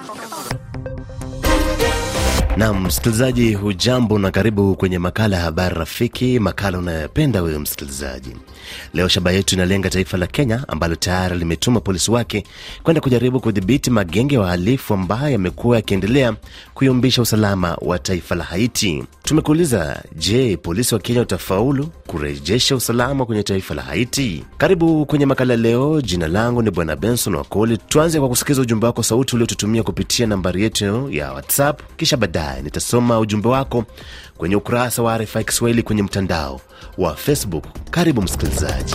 当。Nam msikilizaji, hujambo na karibu kwenye makala ya habari rafiki, makala unayopenda wewe msikilizaji. Leo shabaha yetu inalenga taifa la Kenya ambalo tayari limetuma polisi wake kwenda kujaribu kudhibiti magenge ya wahalifu ambayo yamekuwa yakiendelea kuyumbisha usalama wa taifa la Haiti. Tumekuuliza, je, polisi wa Kenya utafaulu kurejesha usalama kwenye taifa la Haiti? Karibu kwenye makala leo. Jina langu ni Bwana Benson Wakoli. Tuanze kwa kusikiza ujumbe wako sauti uliotutumia kupitia nambari yetu ya WhatsApp, kisha baadaye baadaye. Nitasoma ujumbe wako kwenye ukurasa wa RFI Kiswahili kwenye mtandao wa Facebook. Karibu msikilizaji.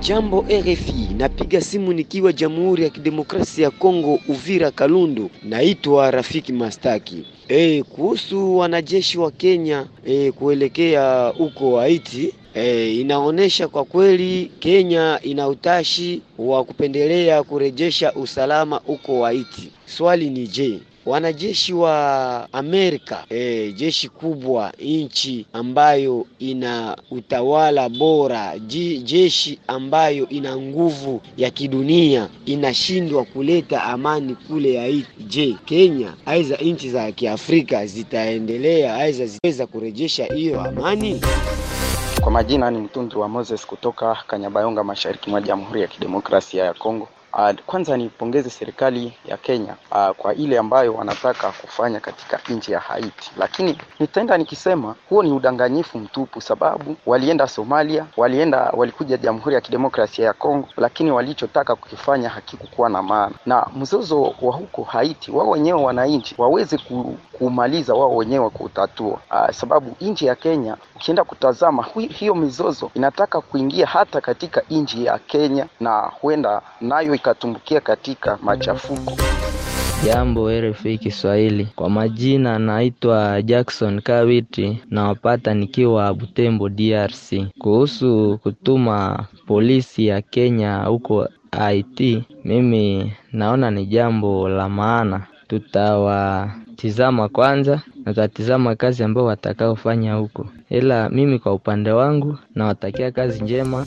Jambo RFI, napiga simu nikiwa Jamhuri ya Kidemokrasia ya Kongo, Uvira Kalundu. Naitwa Rafiki Mastaki. E, kuhusu wanajeshi wa Kenya e, kuelekea huko Haiti E, eh, inaonyesha kwa kweli Kenya ina utashi wa kupendelea kurejesha usalama huko Haiti. Swali ni je, wanajeshi wa Amerika e, jeshi kubwa, nchi ambayo ina utawala bora, jeshi ambayo ina nguvu ya kidunia inashindwa kuleta amani kule Haiti. Je, Kenya aiza nchi za Kiafrika zitaendelea aiza zitaweza kurejesha hiyo amani? Kwa majina ni Mtundri wa Moses kutoka Kanyabayonga, mashariki mwa Jamhuri ya Kidemokrasia ya Kongo. Ah, kwanza nipongeze serikali ya Kenya ah, kwa ile ambayo wanataka kufanya katika nchi ya Haiti, lakini nitaenda nikisema huo ni udanganyifu mtupu, sababu walienda Somalia, walienda walikuja Jamhuri ya Kidemokrasia ya Kongo, lakini walichotaka kukifanya hakikukuwa na maana. Na mzozo wa huko Haiti, wao wenyewe wananchi waweze kumaliza wao wenyewe uh, sababu nchi ya Kenya ukienda kutazama hui, hiyo mizozo inataka kuingia hata katika nchi ya Kenya na huenda nayo nikatumbukia katika machafuko. Jambo RFI Kiswahili, kwa majina naitwa Jackson Kawiti, nawapata nikiwa Butembo, DRC. Kuhusu kutuma polisi ya Kenya huko it mimi naona ni jambo la maana. Tutawatizama kwanza na tutatizama kazi ambayo watakaofanya huko, ila mimi kwa upande wangu nawatakia kazi njema.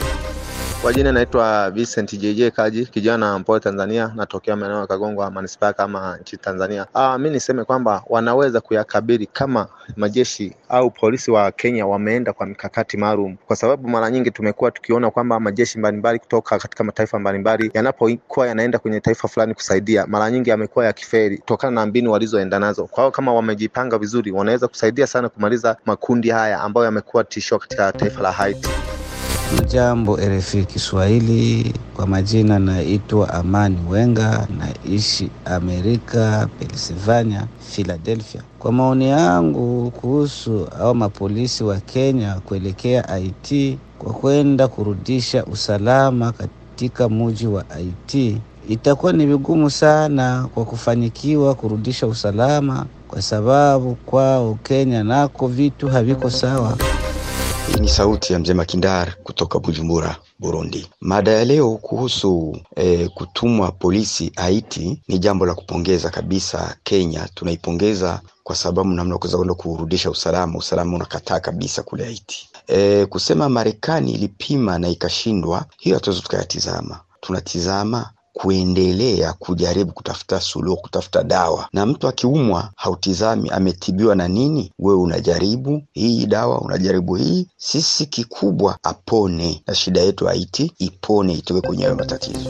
Kwa jina naitwa Vincent JJ Kaji, kijana mpole Tanzania, natokea maeneo ya Kagongwa manispaa kama nchini Tanzania. Ah, mi niseme kwamba wanaweza kuyakabili kama majeshi au polisi wa Kenya wameenda kwa mikakati maalum, kwa sababu mara nyingi tumekuwa tukiona kwamba majeshi mbalimbali kutoka katika mataifa mbalimbali yanapokuwa yanaenda kwenye taifa fulani kusaidia, mara nyingi yamekuwa yakiferi kutokana na mbinu walizoenda nazo. Kwa hiyo kama wamejipanga vizuri, wanaweza kusaidia sana kumaliza makundi haya ambayo yamekuwa tisho katika taifa la Haiti. Jambo RFI Kiswahili, kwa majina naitwa Amani Wenga, naishi Amerika, Pennsylvania, Philadelphia. Kwa maoni yangu kuhusu au mapolisi wa Kenya kuelekea Haiti kwa kwenda kurudisha usalama katika muji wa Haiti, itakuwa ni vigumu sana kwa kufanyikiwa kurudisha usalama, kwa sababu kwao Kenya nako vitu haviko sawa. Hii ni sauti ya mzee Makindar kutoka Bujumbura, Burundi. Mada ya leo kuhusu e, kutumwa polisi Haiti ni jambo la kupongeza kabisa. Kenya tunaipongeza kwa sababu namna kuweza kwenda kurudisha usalama, usalama unakataa kabisa kule Haiti. E, kusema Marekani ilipima na ikashindwa, hiyo hatuwezi tukayatizama. Tunatizama kuendelea kujaribu kutafuta suluhu, kutafuta dawa. Na mtu akiumwa, hautizami ametibiwa na nini, wewe unajaribu hii dawa, unajaribu hii. Sisi kikubwa apone, na shida yetu haiti ipone, itoke kwenye hayo matatizo.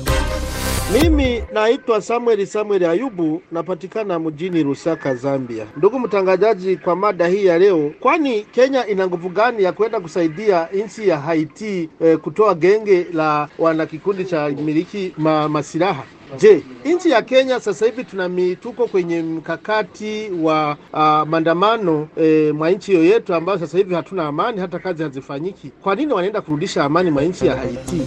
Mimi naitwa Samuel Samuel Ayubu, napatikana mjini Lusaka, Zambia. Ndugu mtangazaji, kwa mada hii ya leo, kwani Kenya ina nguvu gani ya kwenda kusaidia nchi ya Haiti eh, kutoa genge la wanakikundi cha miliki ma, masilaha Je, nchi ya Kenya sasa hivi tuna mituko kwenye mkakati wa uh, maandamano e, mwa nchi hiyo yetu ambayo sasa hivi hatuna amani, hata kazi hazifanyiki. Kwa nini wanaenda kurudisha amani mwa nchi ya Haiti?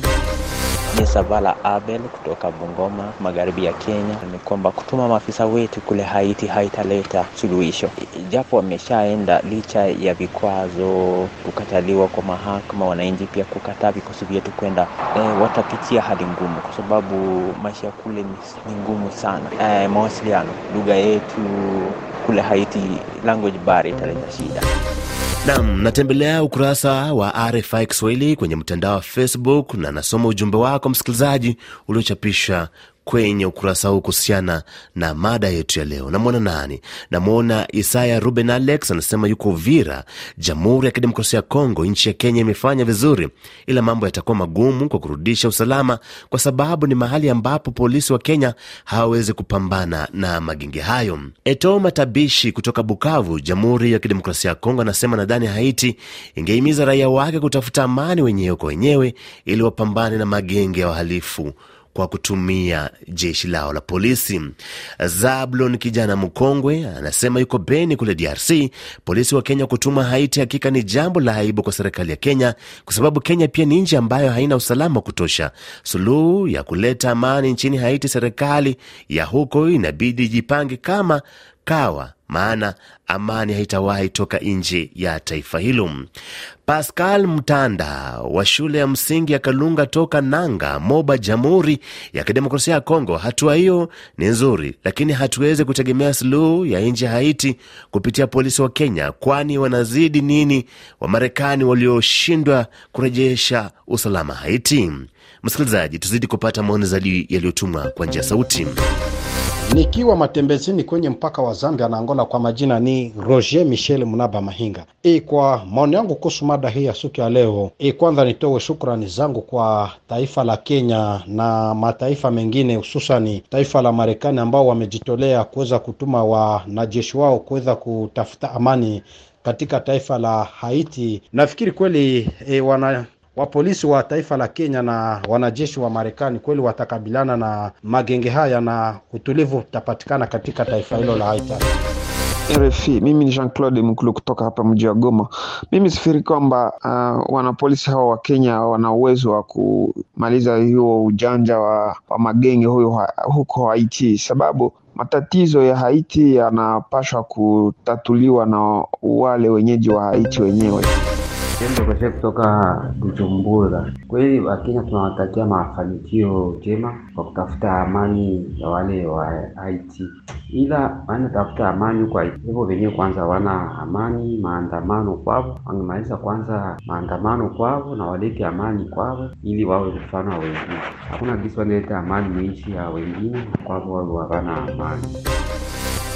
Savala Abel kutoka Bungoma, magharibi ya Kenya, ni kwamba kutuma maafisa wetu kule Haiti haitaleta suluhisho, japo wameshaenda licha ya vikwazo, kukataliwa kwa mahakama, wananchi pia kukataa vikosi vyetu kwenda. E, watapitia hali ngumu, kwa sababu maisha ya kule ni ngumu sana. E, mawasiliano, lugha yetu kule Haiti, language barrier italeta shida. Nam, natembelea ukurasa wa RFI Kiswahili kwenye mtandao wa Facebook na nasoma ujumbe wako msikilizaji uliochapisha kwenye ukurasa huu kuhusiana na mada yetu ya leo. Namwona nani? Namwona Isaya Ruben Alex anasema yuko Uvira, Jamhuri ya Kidemokrasia ya Kongo. Nchi ya Kenya imefanya vizuri, ila mambo yatakuwa magumu kwa kurudisha usalama, kwa sababu ni mahali ambapo polisi wa Kenya hawawezi kupambana na magenge hayo. Eto Matabishi kutoka Bukavu, Jamhuri ya Kidemokrasia ya Kongo anasema nadhani Haiti ingehimiza raia wake kutafuta amani wenyewe kwa wenyewe ili wapambane na magenge ya wahalifu kwa kutumia jeshi lao la polisi. Zablon, kijana mkongwe, anasema yuko Beni kule DRC. Polisi wa Kenya kutuma Haiti hakika ni jambo la aibu kwa serikali ya Kenya, kwa sababu Kenya pia ni nchi ambayo haina usalama wa kutosha. Suluhu ya kuleta amani nchini Haiti, serikali ya huko inabidi ijipange kama Kawa, maana amani haitawahi toka nje ya taifa hilo. Pascal Mtanda wa shule ya msingi ya Kalunga toka Nanga, Moba, Jamhuri ya Kidemokrasia ya Kongo. Hatua hiyo ni nzuri, lakini hatuwezi kutegemea suluhu ya nje ya Haiti kupitia polisi wa Kenya, kwani wanazidi nini Wamarekani walioshindwa kurejesha usalama Haiti? Msikilizaji, tuzidi kupata maoni zaidi yaliyotumwa kwa njia sauti. Nikiwa matembezini kwenye mpaka wa Zambia na Angola, kwa majina ni Roger Michel mnaba Mahinga. E, kwa maoni yangu kuhusu mada hii ya siku ya leo e, kwanza nitoe shukrani zangu kwa taifa la Kenya na mataifa mengine hususani taifa la Marekani ambao wamejitolea kuweza kutuma wanajeshi wao kuweza kutafuta amani katika taifa la Haiti. Nafikiri kweli e, wana wa polisi wa taifa la Kenya na wanajeshi wa Marekani kweli watakabiliana na magenge haya na utulivu utapatikana katika taifa hilo la Haiti. RFI, mimi ni Jean Claude Mkulu kutoka hapa mji wa Goma. Mimi sifikiri kwamba uh, wanapolisi hao wa Kenya wana uwezo wa kumaliza hiyo ujanja wa, wa magenge huyo huko Haiti, sababu matatizo ya Haiti yanapashwa kutatuliwa na wale wenyeji wa Haiti wenyewe chef kutoka Bujumbura. Kweli Wakenya tunawatakia mafanikio jema kwa kutafuta amani ya wale wa Haiti, ila wanatafuta amani kwa hivyo wenyewe kwanza wana amani maandamano kwavo, wangemaliza kwanza maandamano kwavo na walete amani kwavo, ili wawe mfano wa wengine. Hakuna gisi wanaleta amani mwinchi ya wengine kwavo, wawe wana amani.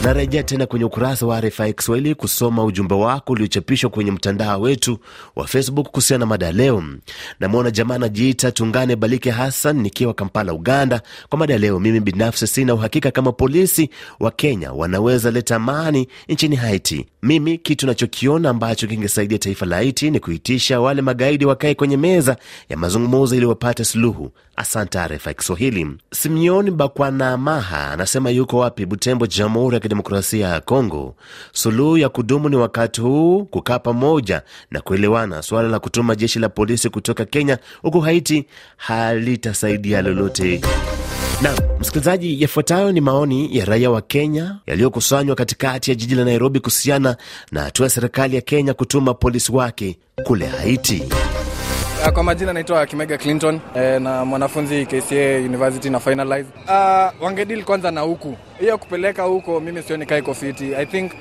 Narejea tena kwenye ukurasa wa RFI Kiswahili kusoma ujumbe wako uliochapishwa kwenye mtandao wetu wa Facebook kuhusiana na mada ya leo. Namwona jamaa anajiita Tungane Balike Hassan nikiwa Kampala, Uganda. Kwa mada ya leo, mimi binafsi sina uhakika kama polisi wa Kenya wanaweza leta amani nchini Haiti. Mimi kitu nachokiona ambacho kingesaidia taifa la Haiti ni kuitisha wale magaidi wakae kwenye meza ya mazungumuzo ili wapate suluhu Asante ya Kiswahili. Simeon Bakwanamaha anasema yuko wapi? Butembo, Jamhuri ya Kidemokrasia ya Kongo. Suluhu ya kudumu ni wakati huu kukaa pamoja na kuelewana. Suala la kutuma jeshi la polisi kutoka Kenya huku Haiti halitasaidia lolote. Na msikilizaji, yafuatayo ni maoni ya raia wa Kenya yaliyokusanywa katikati ya jiji la Nairobi kuhusiana na hatua ya serikali ya Kenya kutuma polisi wake kule Haiti. Eh, kwa majina naitwa Kimega Clinton eh, na mwanafunzi KCA University na finalize. Uh, ah, deal kwanza na huku hiyo kupeleka huko, mimi sioni kai kofiti. I think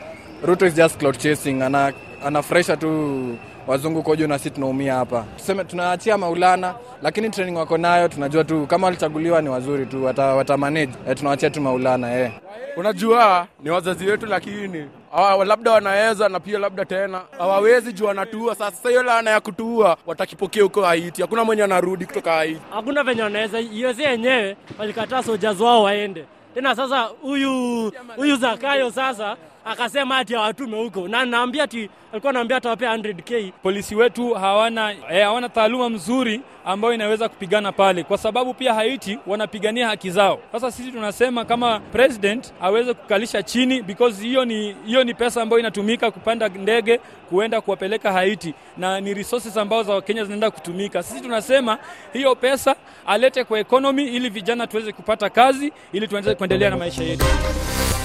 Ruto is just cloud chasing, ana fresha tu wazungu kojo na sisi tunaumia hapa. Tuseme tunaachia Maulana, lakini training wako nayo tunajua tu kama walichaguliwa ni wazuri tu wata, wata manage. E, eh, tunawaachia tu Maulana e. Unajua ni wazazi wetu, lakini awa, labda wanaweza na pia labda tena hawawezi juu wanatua. Sasa hiyo laana ya kutua watakipokea huko Haiti, hakuna mwenye anarudi kutoka Haiti, hakuna venye wanaweza Si Yenyewe walikataa soja wao waende tena. Sasa huyu huyu Zakayo sasa akasema ati awatume huko, na naambia ti alikuwa anaambia atawapea 100k. Polisi wetu hawana eh, hawana taaluma mzuri ambayo inaweza kupigana pale, kwa sababu pia Haiti wanapigania haki zao. Sasa sisi tunasema kama president aweze kukalisha chini, because hiyo ni hiyo ni pesa ambayo inatumika kupanda ndege kuenda kuwapeleka Haiti, na ni resources ambazo za Kenya zinaenda kutumika. Sisi tunasema hiyo pesa alete kwa economy, ili vijana tuweze kupata kazi, ili tuweze kuendelea na maisha yetu.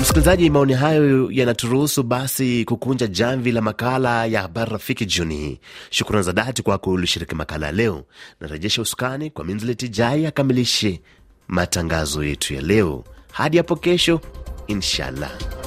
Msikilizaji, maoni hayo yanaturuhusu basi kukunja jamvi la makala ya habari rafiki jioni hii. Shukrani za dhati kwako ulishiriki makala ya leo. Narejesha usukani kwa Minzileti Jai akamilishe matangazo yetu ya leo. Hadi hapo kesho, inshallah.